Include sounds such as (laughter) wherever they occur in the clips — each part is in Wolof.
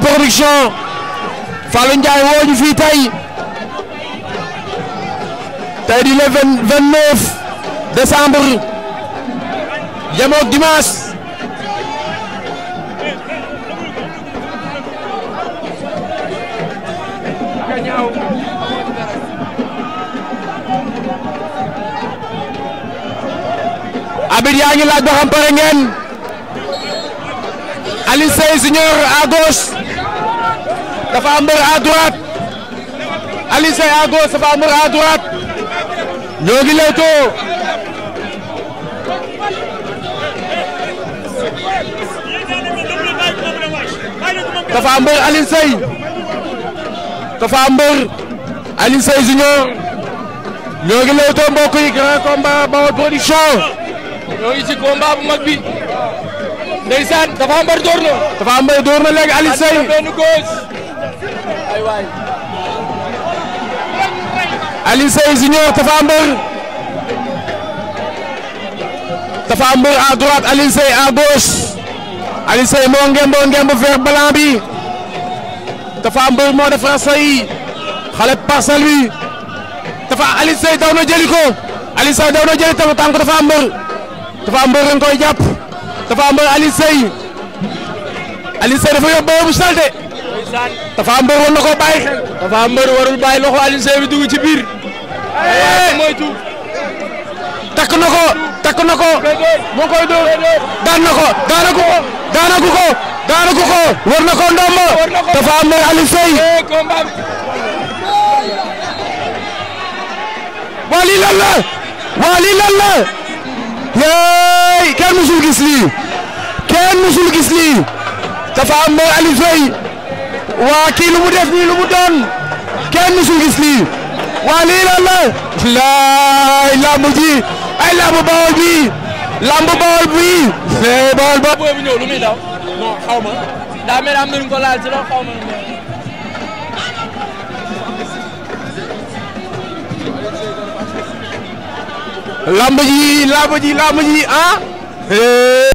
production Fallou Ndiaye tey tey di le vingt Abid yaa ngi laaj ba xam pare ngeen Alioune dafa am mbër à droite dafa am mbër ñoo junior ñoo ngi lewtoo yi grand combat Baol production ñoo ci combat bu mag bi ndeysaan dafa am Alioune Seye Junior Tapha Mbeur Tapha Mbeur à droite Alioune Seye à gauche Alioune Seye moo ngemboo ngemb vert blanc bi Tapha Mbeur moo def français yi xale parcelle bi Tapha Alioune daw na jëli ko Alioune daw na jëli tam tànk Tapha Mbeur Tapha Mbeur nga koy dafa yóbbu boobu salte Tapha Mbeur na koo bàyyi xel. Tapha Mbeur warul bàyyi loxo Alioune Seye bi dugg ci biir. moytu na ko takk na ko. moo koy dóor daan na ko daanaku ko daanaku ko ko war na ko ndomba. Tapha Mbeur Alioune Seye. waa lii lan yeey kenn musul gis lii kenn musul gis lii Tapha Mbeur Alioune waa kii lu mu def nii lu mu doon kenn musul gis lii waa lii lan la laay lamb ji ay lamb bawol bi lamb bawol bi lee bawol ba booy bu ñëw lu muy daw non xaw ma daa ko laal ci ji lamb ji ah eh.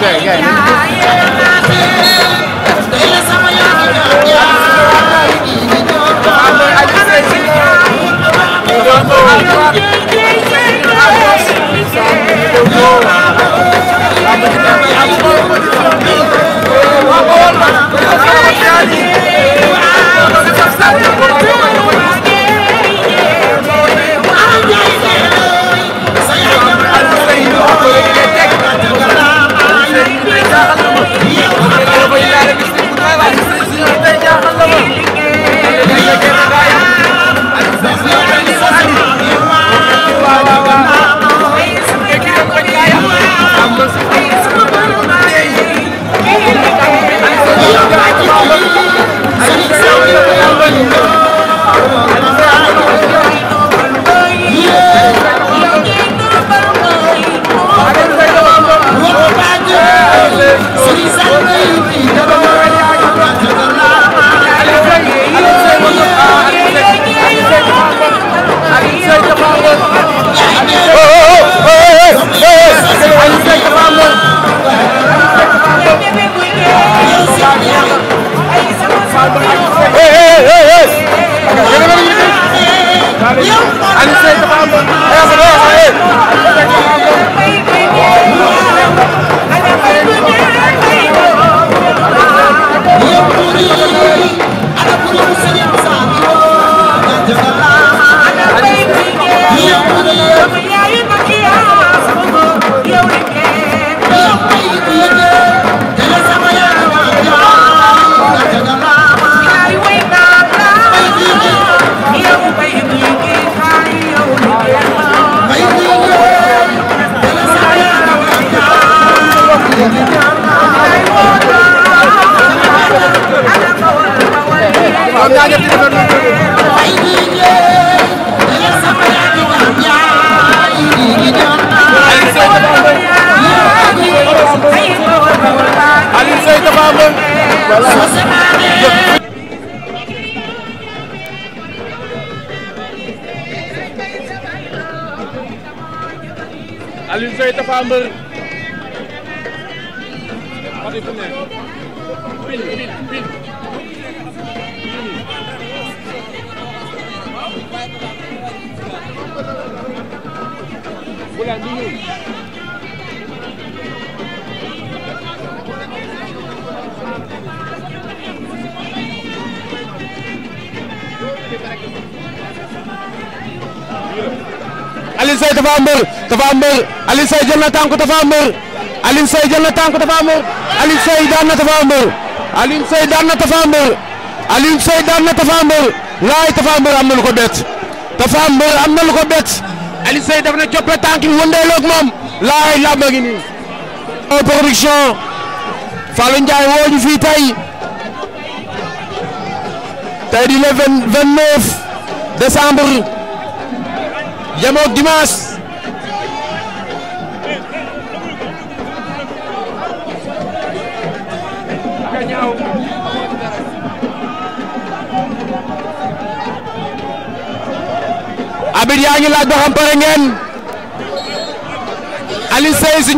对对。Hey! (laughs) voilà. Alioune Seye Tapha Mbeur. Fatick fu mu ne. pile pile pile. Boulaye ñu ñëw. Alioune Seye Tapha Mbeur Tapha Mbeur Alioune Seye jël na tànku Tapha Mbeur Alioune Seye jël na tànku Tapha Mbeur Alioune Seye daan na Tapha Mbeur Alioune Seye daan na Tapha Mbeur Alioune Seye daan na Tapha Mbeur laay Tapha Mbeur am na lu ko bett Tapha Mbeur am na lu ko bett Alioune Seye def na coppe tànk yi wëndeeloog moom laay làmb ngi nii. production Fallou Ndiaye woo ñu fii tey tey di le vingt vingt neuf décembre. yamook dimanche abid yaa ngi laaj ba xam pare ngeen Alioune Seye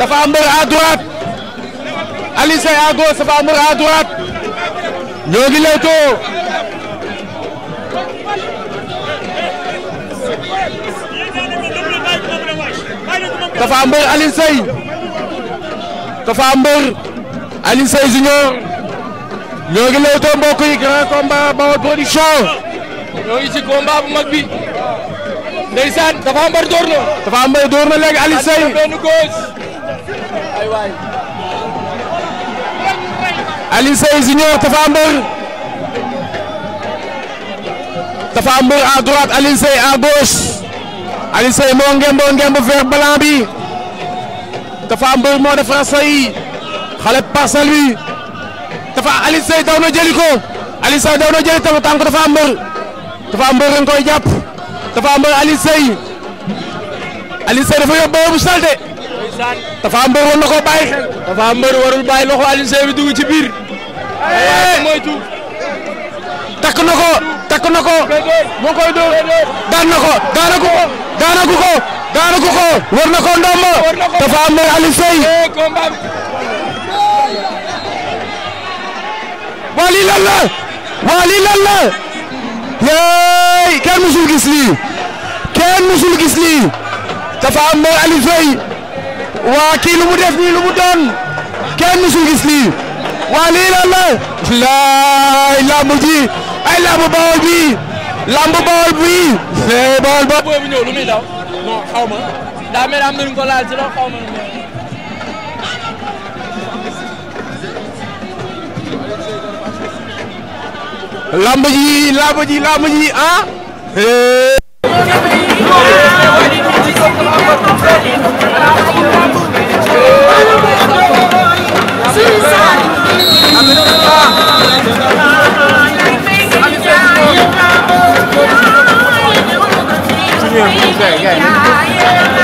dafa am mbër à droite Alioune dafa am mbër ñoo ngi lewtoo Tapha Mbeur Alioune Seye Tapha Mbeur Alioune Seye Junior yi grand combat Baol production ñoo ngi ci combat bu mag bi ndeysaan Tapha Mbeur door na Tapha Mbeur door na léegi Alioune Seye à droite Alioune Seye à Aliou Seye moo ngemboo ngembu vert blanc bi dafa mbër moo de français yi xale parcelle bi dafa Aliou Seye daw na jëli ko daw na jëli tam tànk dafa mbër dafa mbër nga koy jàpp dafa mbër Aliou dafa yóbbu bu salte dafa mbër war na koo bàyyi xel dafa mbër warul loxo Aliou bi dugg ci biir moytu takk na ko takk na ko ko daanaku ko daanaku ko war na ko ndomba dafa am mooy Alioune Seye waa lii lan la waa lii musul gis lii kenn musul gis lii dafa am mooy Alioune Seye waa kii lu mu def nii lu mu doon kenn musul gis lii waa lii lan la laay lamb ji ay lamb Bawol lamb Bawol bii. mais eh, Bawol ba. booy bu ñëw lu muy daw. non xaw ma. daa mel am nañu ko laal ci la xaw ma. lamb ji lamb ji lamb ji ah. Eh. Thank you.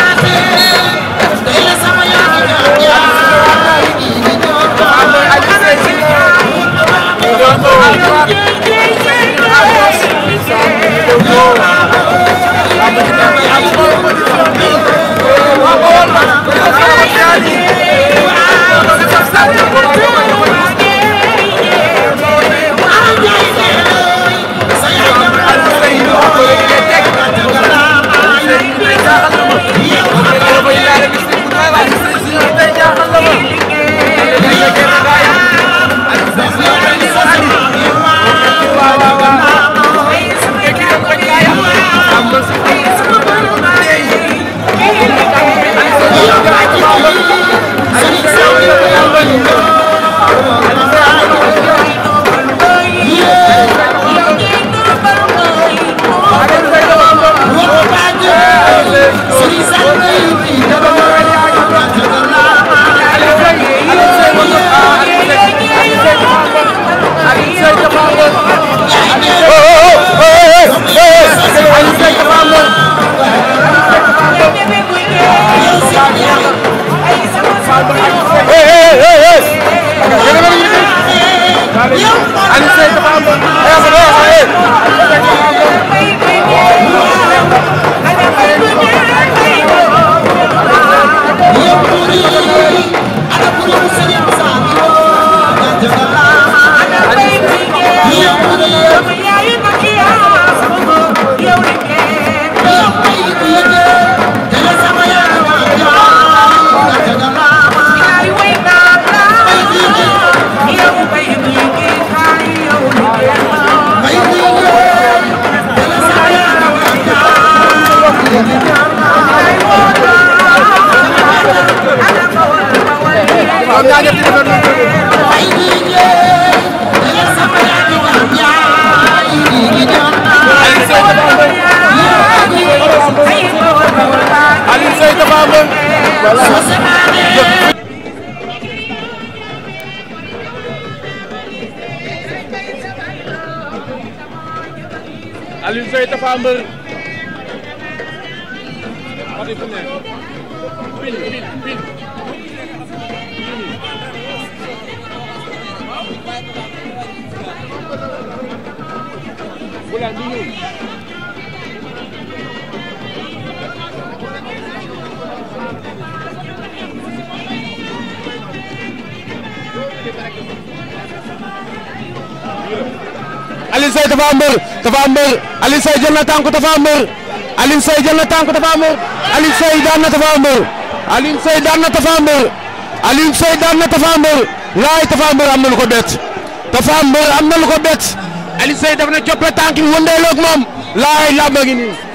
Alioune Seye Tapha Mbeur Bulan dulu. Tapha Mbeur Tapha Mbeur Alioune Seye jël na tànku Tapha Mbeur Alioune Seye jël na tànku Tapha Mbeur laay Tapha Mbeur am na lu ko bett Tapha Mbeur am na lu ko bett Alioune Seye na coppe tànk yi wëndeeloo moom laay làmba ngi nii